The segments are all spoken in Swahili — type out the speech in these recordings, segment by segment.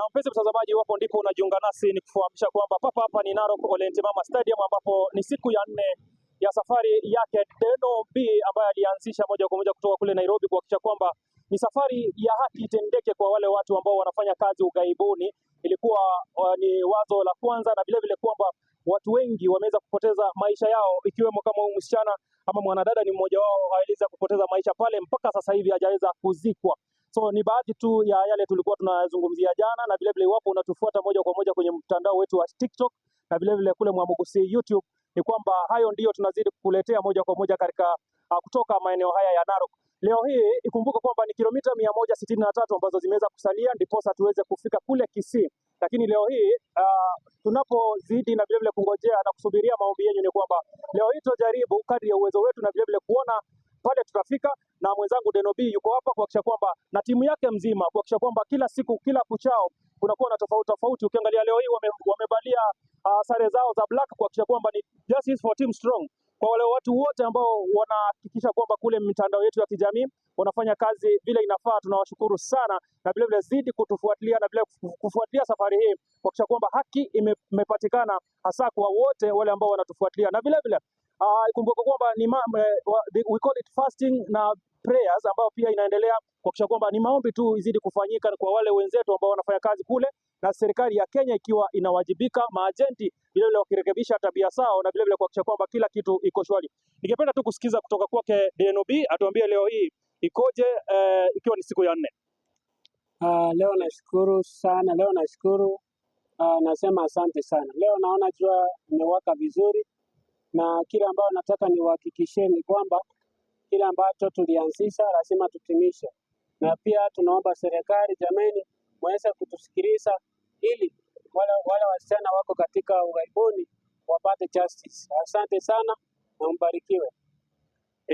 Na mpenzi mtazamaji, wapo ndipo unajiunga nasi, ni kufahamisha kwamba papa hapa ni Narok Orient Mama Stadium, ambapo ni siku ya nne ya safari yake Deno B ambaye alianzisha moja kwa moja kutoka kule Nairobi kuhakikisha kwamba ni safari ya haki itendeke kwa wale watu ambao wanafanya kazi ughaibuni. Ilikuwa uh, ni wazo la kwanza, na vilevile kwamba watu wengi wameweza kupoteza maisha yao, ikiwemo kama huyu msichana ama mwanadada ni mmoja wao, aliweza kupoteza maisha pale, mpaka sasa hivi hajaweza kuzikwa. So ni baadhi tu ya yale tulikuwa tunazungumzia jana, na vilevile iwapo unatufuata moja kwa moja kwenye mtandao wetu wa TikTok na vilevile kule Mwamugusi YouTube, ni kwamba hayo ndiyo tunazidi kukuletea moja kwa moja katika ah, kutoka maeneo haya ya Narok. Leo hii ikumbuke kwamba ni kilomita mia moja sitini na tatu ambazo zimeweza kusalia ndiposa tuweze kufika kule Kisii, lakini leo hii uh, tunapozidi na vilevile kungojea na kusubiria maombi yenyu, ni kwamba leo hii tutajaribu kadri ya uwezo wetu na vilevile kuona pale tutafika na mwenzangu Denobi yuko hapa kuhakikisha kwamba na timu yake mzima kuhakikisha kwamba kila siku kila kuchao kunakuwa na tofauti tofauti. Ukiangalia leo hii wame, uh, sare zao za black kuhakikisha kwamba ni justice for team strong kwa wale watu wote ambao wanahakikisha kwamba kule mitandao yetu ya kijamii wanafanya kazi vile inafaa, tunawashukuru sana, na vilevile zidi kutufuatilia na vile kufuatilia safari hii kuhakikisha kwamba haki imepatikana, hasa kwa wote wale ambao wanatufuatilia na vilevile Ah, Ikumbuka kwamba ni eh, we call it fasting na prayers ambayo pia inaendelea kuhakikisha kwamba ni maombi tu izidi kufanyika kwa wale wenzetu ambao wanafanya kazi kule, na serikali ya Kenya ikiwa inawajibika, maajenti vilevile wakirekebisha tabia zao, na vilevile kuhakikisha kwamba kila kitu iko shwari. Ningependa tu kusikiza kutoka kwake DNOB atuambie leo hii ikoje, uh, ikiwa ni siku ya nne. Uh, leo nashukuru sana, leo nashukuru uh, nasema asante sana. Leo naona jua imewaka vizuri na kile ambayo nataka ni kwamba kile ambacho tulianzisha lazima tutimishe, na pia tunaomba serikali, jameni, mweze kutusikiliza ili wale wale wasichana wako katika ughaibuni wapate justice. Asante sana na mbarikiwe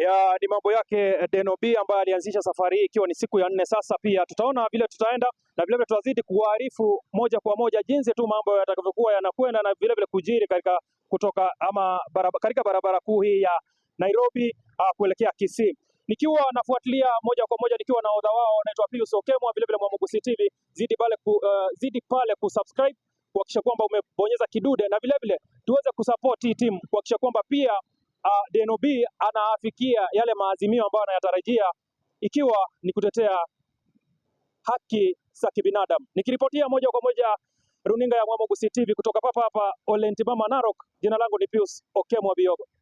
ya ni mambo yake eh, Denobi ambaye alianzisha safari hii ikiwa ni siku ya nne sasa. Pia tutaona vile tutaenda na vile vile tutazidi kuwaarifu moja kwa moja jinsi tu mambo yatakavyokuwa yanakwenda na vile vile kujiri katika kutoka ama baraba, katika barabara kuu hii ya Nairobi uh, kuelekea Kisii nikiwa nafuatilia moja kwa moja nikiwa na odha wao naitwa Pius Okemwa, vile vile Mwamugusi TV. Zidi pale ku, uh, zidi pale kusubscribe kuhakikisha kwamba umebonyeza kidude na vile vile tuweze kusupport hii timu kuhakikisha kwamba pia uh, ah, DNB anaafikia yale maazimio ambayo anayatarajia ikiwa ni kutetea haki za kibinadamu. Nikiripotia moja kwa moja runinga ya Mwamogusi TV kutoka papa hapa Olentimama Narok, jina langu ni Pius Okemwa Biogo.